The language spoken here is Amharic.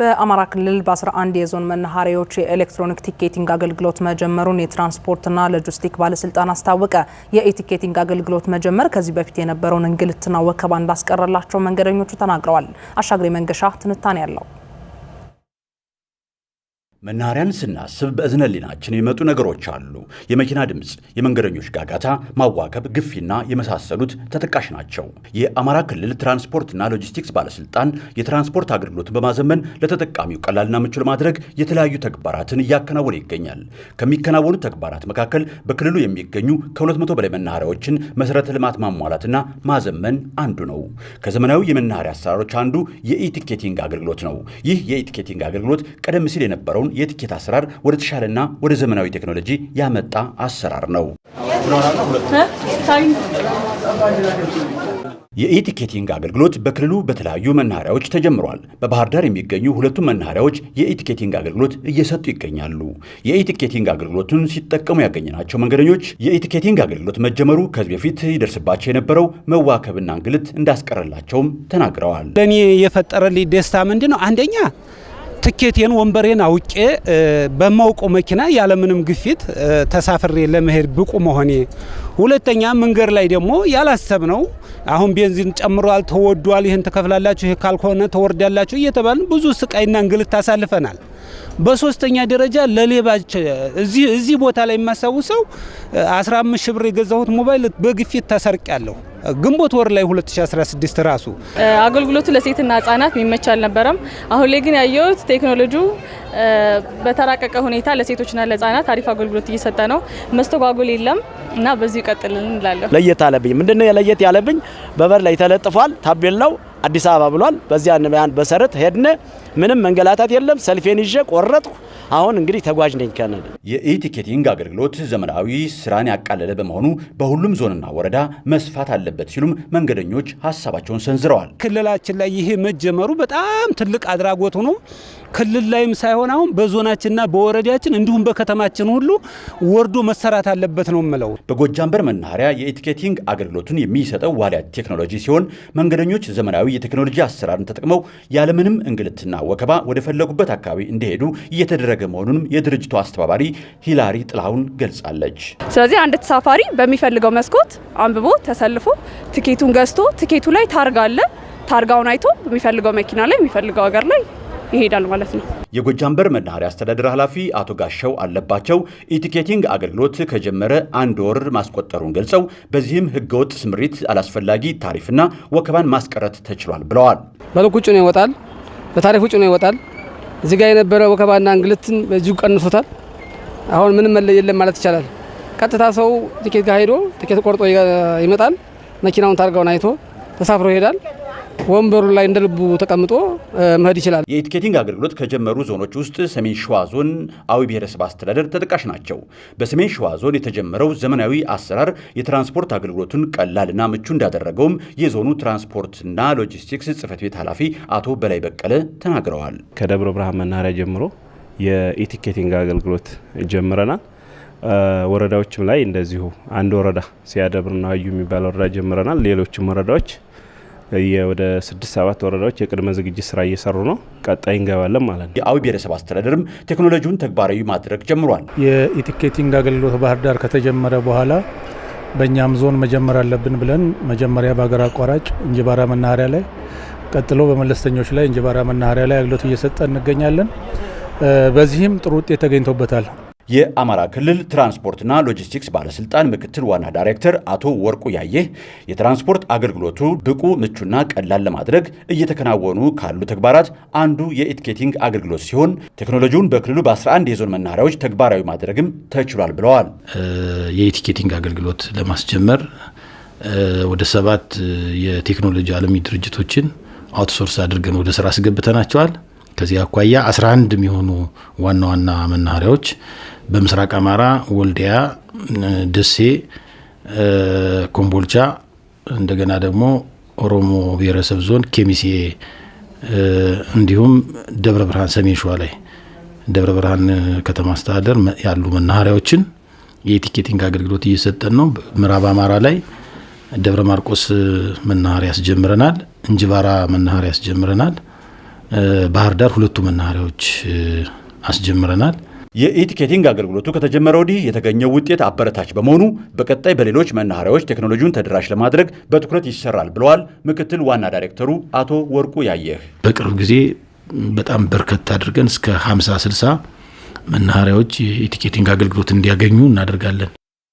በአማራ ክልል በ11 የዞን መናኸሪያዎች የኤሌክትሮኒክ ቲኬቲንግ አገልግሎት መጀመሩን የትራንስፖርትና ሎጂስቲክ ባለስልጣን አስታወቀ። የኢቲኬቲንግ አገልግሎት መጀመር ከዚህ በፊት የነበረውን እንግልትና ወከባ እንዳስቀረላቸው መንገደኞቹ ተናግረዋል። አሻግሬ መንገሻ ትንታኔ ያለው መናኸሪያን ስናስብ በእዝነ ሊናችን የሚመጡ ነገሮች አሉ። የመኪና ድምፅ፣ የመንገደኞች ጋጋታ፣ ማዋከብ፣ ግፊና የመሳሰሉት ተጠቃሽ ናቸው። የአማራ ክልል ትራንስፖርትና ሎጂስቲክስ ባለስልጣን የትራንስፖርት አገልግሎትን በማዘመን ለተጠቃሚው ቀላልና ምቹ ለማድረግ የተለያዩ ተግባራትን እያከናወነ ይገኛል። ከሚከናወኑ ተግባራት መካከል በክልሉ የሚገኙ ከ200 በላይ መናኸሪያዎችን መሰረተ ልማት ማሟላትና ማዘመን አንዱ ነው። ከዘመናዊ የመናኸሪያ አሰራሮች አንዱ የኢቲኬቲንግ አገልግሎት ነው። ይህ የኢቲኬቲንግ አገልግሎት ቀደም ሲል የነበረው የነበረውን የትኬት አሰራር ወደ ተሻለና ወደ ዘመናዊ ቴክኖሎጂ ያመጣ አሰራር ነው። የኢቲኬቲንግ አገልግሎት በክልሉ በተለያዩ መናኸሪያዎች ተጀምሯል። በባህር ዳር የሚገኙ ሁለቱም መናኸሪያዎች የኢቲኬቲንግ አገልግሎት እየሰጡ ይገኛሉ። የኢቲኬቲንግ አገልግሎቱን ሲጠቀሙ ያገኘናቸው መንገደኞች የኢቲኬቲንግ አገልግሎት መጀመሩ ከዚህ በፊት ይደርስባቸው የነበረው መዋከብና እንግልት እንዳስቀረላቸውም ተናግረዋል። ለእኔ የፈጠረልኝ ደስታ ምንድን ነው? አንደኛ ትኬቴን ወንበሬን አውቄ በማውቀው መኪና ያለምንም ግፊት ተሳፍሬ ለመሄድ ብቁ መሆኔ፣ ሁለተኛ መንገድ ላይ ደግሞ ያላሰብ ነው አሁን ቤንዚን ጨምሯል፣ ተወዷል፣ ይህን ትከፍላላችሁ፣ ይህ ካልሆነ ተወርዳላችሁ እየተባልን ብዙ ስቃይና እንግልት ታሳልፈናል። በሶስተኛ ደረጃ ለሌባ እዚህ ቦታ ላይ የማስታውሰው 15 ሺህ ብር የገዛሁት ሞባይል በግፊት ተሰርቅ ግንቦት ወር ላይ 2016 ራሱ አገልግሎቱ ለሴትና ህጻናት የሚመች አልነበረም። አሁን ላይ ግን ያየሁት ቴክኖሎጂ በተራቀቀ ሁኔታ ለሴቶችና ለህጻናት አሪፍ አገልግሎት እየሰጠ ነው። መስተጓጉል የለም እና በዚሁ ይቀጥልን እንላለሁ። ለየት አለብኝ ምንድነው ለየት ያለብኝ በበር ላይ ተለጥፏል ነው። አዲስ አበባ ብሏል። በዚያ በሰረት ሄድነ። ምንም መንገላታት የለም። ሰልፌን ይዤ ቆረጥኩ። አሁን እንግዲህ ተጓዥ ነኝ ከነደ የኢቲኬቲንግ አገልግሎት ዘመናዊ ስራን ያቃለለ በመሆኑ በሁሉም ዞንና ወረዳ መስፋት አለበት ሲሉም መንገደኞች ሀሳባቸውን ሰንዝረዋል። ክልላችን ላይ ይሄ መጀመሩ በጣም ትልቅ አድራጎት ሆኖ ክልል ላይም ሳይሆን አሁን በዞናችንና በወረዳችን እንዲሁም በከተማችን ሁሉ ወርዶ መሰራት አለበት ነው የምለው። በጎጃም በር መናኸሪያ የኢቲኬቲንግ አገልግሎቱን የሚሰጠው ዋልያ ቴክኖሎጂ ሲሆን መንገደኞች ዘመናዊ የቴክኖሎጂ አሰራርን ተጠቅመው ያለምንም እንግልትና ወከባ ወደ ፈለጉበት አካባቢ እንዲሄዱ እየተደረገ እየተደረገ መሆኑንም የድርጅቱ አስተባባሪ ሂላሪ ጥላሁን ገልጻለች። ስለዚህ አንድ ተሳፋሪ በሚፈልገው መስኮት አንብቦ ተሰልፎ ትኬቱን ገዝቶ ትኬቱ ላይ ታርጋ አለ። ታርጋውን አይቶ የሚፈልገው መኪና ላይ የሚፈልገው ሀገር ላይ ይሄዳል ማለት ነው። የጎጃም በር መናኸሪያ አስተዳደር ኃላፊ አቶ ጋሻው አለባቸው ኢቲኬቲንግ አገልግሎት ከጀመረ አንድ ወር ማስቆጠሩን ገልጸው በዚህም ህገወጥ ስምሪት፣ አላስፈላጊ ታሪፍና ወከባን ማስቀረት ተችሏል ብለዋል። መልክ ውጭ ነው ይወጣል፣ በታሪፍ ውጭ ነው ይወጣል እዚህ ጋር የነበረው ወከባና እንግልትን በእጅጉ ቀንሶታል። አሁን ምንም መለ የለም ማለት ይቻላል። ቀጥታ ሰው ትኬት ጋር ሄዶ ትኬት ቆርጦ ይመጣል። መኪናውን ታርጋውን አይቶ ተሳፍሮ ይሄዳል። ወንበሩ ላይ እንደ ልቡ ተቀምጦ መሄድ ይችላል። የኢቲኬቲንግ አገልግሎት ከጀመሩ ዞኖች ውስጥ ሰሜን ሸዋ ዞን አዊ ብሔረሰብ አስተዳደር ተጠቃሽ ናቸው። በሰሜን ሸዋ ዞን የተጀመረው ዘመናዊ አሰራር የትራንስፖርት አገልግሎቱን ቀላልና ምቹ እንዳደረገውም የዞኑ ትራንስፖርትና ሎጂስቲክስ ጽህፈት ቤት ኃላፊ አቶ በላይ በቀለ ተናግረዋል። ከደብረ ብርሃን መናኸሪያ ጀምሮ የኢቲኬቲንግ አገልግሎት ጀምረናል። ወረዳዎችም ላይ እንደዚሁ አንድ ወረዳ ሲያደብርና ሀዩ የሚባል ወረዳ ጀምረናል። ሌሎችም ወረዳዎች ወደ ስድስት ሰባት ወረዳዎች የቅድመ ዝግጅት ስራ እየሰሩ ነው። ቀጣይ እንገባለን ማለት ነው። የአዊ ብሔረሰብ አስተዳደርም ቴክኖሎጂውን ተግባራዊ ማድረግ ጀምሯል። የኢቲኬቲንግ አገልግሎት ባህር ዳር ከተጀመረ በኋላ በእኛም ዞን መጀመር አለብን ብለን መጀመሪያ በሀገር አቋራጭ እንጅባራ መናኸሪያ ላይ፣ ቀጥሎ በመለስተኞች ላይ እንጅባራ መናኸሪያ ላይ አገልግሎት እየሰጠ እንገኛለን። በዚህም ጥሩ ውጤት ተገኝቶበታል። የአማራ ክልል ትራንስፖርትና ሎጂስቲክስ ባለስልጣን ምክትል ዋና ዳይሬክተር አቶ ወርቁ ያየ የትራንስፖርት አገልግሎቱ ብቁ፣ ምቹና ቀላል ለማድረግ እየተከናወኑ ካሉ ተግባራት አንዱ የኢቲኬቲንግ አገልግሎት ሲሆን ቴክኖሎጂውን በክልሉ በ11 የዞን መናኸሪያዎች ተግባራዊ ማድረግም ተችሏል ብለዋል። የኢቲኬቲንግ አገልግሎት ለማስጀመር ወደ ሰባት የቴክኖሎጂ አለሚ ድርጅቶችን አውትሶርስ አድርገን ወደ ስራ አስገብተናቸዋል። ከዚህ አኳያ 11 የሚሆኑ ዋና ዋና መናኸሪያዎች በምስራቅ አማራ ወልዲያ፣ ደሴ፣ ኮምቦልቻ እንደገና ደግሞ ኦሮሞ ብሔረሰብ ዞን ኬሚሴ እንዲሁም ደብረ ብርሃን ሰሜን ሸዋ ላይ ደብረ ብርሃን ከተማ አስተዳደር ያሉ መናኸሪያዎችን የቲኬቲንግ አገልግሎት እየሰጠን ነው። ምዕራብ አማራ ላይ ደብረ ማርቆስ መናኸሪያ ያስጀምረናል። እንጅባራ መናኸሪያ ያስጀምረናል። ባህር ዳር ሁለቱ መናኸሪያዎች አስጀምረናል። የኢቲኬቲንግ አገልግሎቱ ከተጀመረ ወዲህ የተገኘው ውጤት አበረታች በመሆኑ በቀጣይ በሌሎች መናኸሪያዎች ቴክኖሎጂውን ተደራሽ ለማድረግ በትኩረት ይሰራል ብለዋል ምክትል ዋና ዳይሬክተሩ አቶ ወርቁ ያየህ። በቅርብ ጊዜ በጣም በርከት አድርገን እስከ 50 60 መናኸሪያዎች የኢቲኬቲንግ አገልግሎት እንዲያገኙ እናደርጋለን።